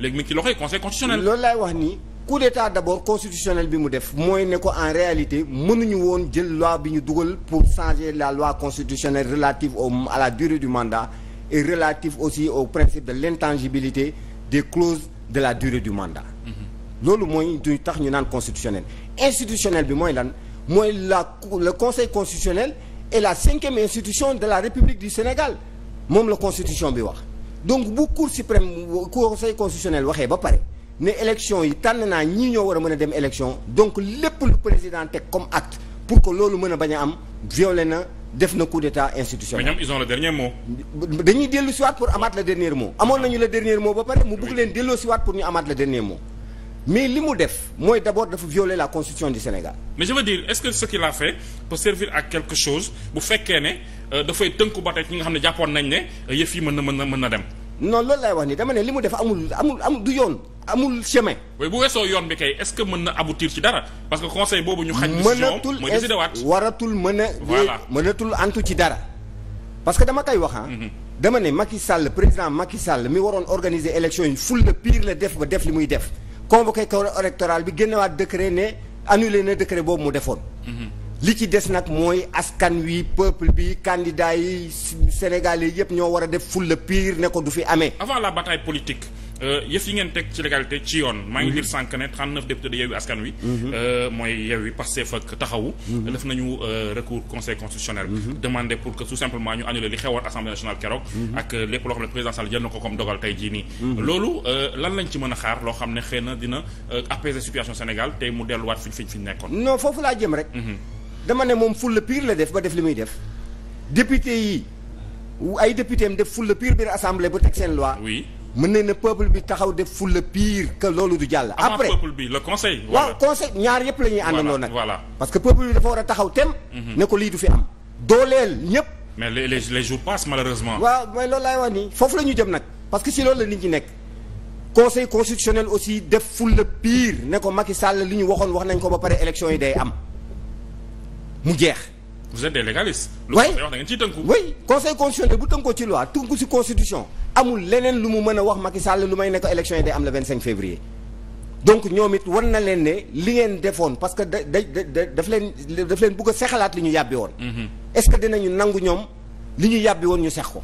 léegi mu ngi ci loxoy conseil loolu laay wax ni coup d'état d'abord constitutionnel bi mu def mooy ne ko en réalité mënuñu woon jël loi bi ñu dugal pour changer la loi constitutionnelle relative au à la durée du mandat et relative aussi au principe de l'intangibilité des clauses de la durée du mandat. Mm-hmm. loolu mooy du tax ñu naan constitutionnel institutionnel bi mooy lan mooy la le conseil constitutionnel est la cinquième institution de la république du Sénégal moom la constitution bi wax. donc bu cour suprême conseil constitutionnel waxee ba pare ne élection yi tànn naa ñii ñoo war a mën a dem élection donc lépp lu président teg comme acte pour que loolu mën a bañ a am violé na def na coup d'état institutionnel. mais ñoom ils ont le dernier mot. dañuy dellu si waat pour amaat le dernier mot. amoon nañu le dernier mot ba pare mu bugg leen delloo si waat pour ñu amaat le dernier mot. mais li mu def mooy d'abord dafa violer la constitution du Sénégal. mais je veux dire est-ce que ce bu fekkee ne euh, dafay tënku ba tey nga xam ne jàppoon nañ ne euh, yëf mën na mën na mën na dem. non loolu laay wax ni dama ne li mu def amul amul amul du yoon amul chemin. oui bu wesoo yoon bi kay est-ce que mën na aboutir ci dara parce que conseil boobu ñu. xañ décision mooy décider waat waratul mën a. voilà mënatul antu ci dara. parce que dama koy wax ah. Mhm. dama ne Macky Sall président Macky Sall mi waroon organiser élection yi ful la pire la def ba def li muy def convoqué corps électoral bi génnewaat décret ne annulé na décret boobu mu defoon. Mhm. li ci des nag mooy askan wi peuple bi candidat yi sénégalais yëpp ñoo war a def ful le pire ne ko du fi amee. avant la bataille politique euh, yëf yi ngeen teg ci légalité ci yoon. maa ngi mhm. lire sànq ne 39 députés de Yewwi Askan Wi. Mhm. Euh, mooy Yewwi Pastef ak Taxawu. Mhm. def nañu euh, recours conseil constitutionnel. demandé pour que tout simplement ñu annuler li xewoon assemblée nationale keroog. ak lépp loo xam ne président Sall jël na ko comme dogal tey jii nii. loolu lan lañ ci mën a xaar loo xam ne xëy na dina apaiser situation Sénégal tey mu delluwaat fi fi fi nekkoon. non foofu laa jëm rek. dama moom moom fulla pire la def ba def li muy def député yi ay député am def fulla pire biir assemblée ba teg seen loi. oui mën na ne peuple bi taxaw def fulla pire que loolu du jàll. après peuple bi le conseil. waaw conseil ñaar yëpp la ñuy àndandoo nag. voilà parce que peuple bi dafa war a taxaw tem. Mhm. ne ko lii du fi am. dooleel ñëpp. mais les les jours passent malheureusement. waaw mooy loolu laay wax nii foofu la ñu jëm nag parce que si loolu la nit ñi nekk. conseil constitutionnel aussi def fulla pire ne ko Macky Sall li ñu waxoon wax nañ ko ba pare élection yi day am. mu jeex. vous êtes conseil wax da ngeen ciy tënku. oui conseil constitutionnel bu tënkoo ci loi tënku ci constitution amul leneen lu mu mën a wax Macky lu may ne ko yi day am le 25 février. donc ñoom it war na leen ne li ngeen defoon parce que da da da daf leen daf leen bëgg sexalaat li ñu yàbbi woon. Mhm. est-ce que dinañu nangu ñoom li ñu yàbbi woon ñu sex ko.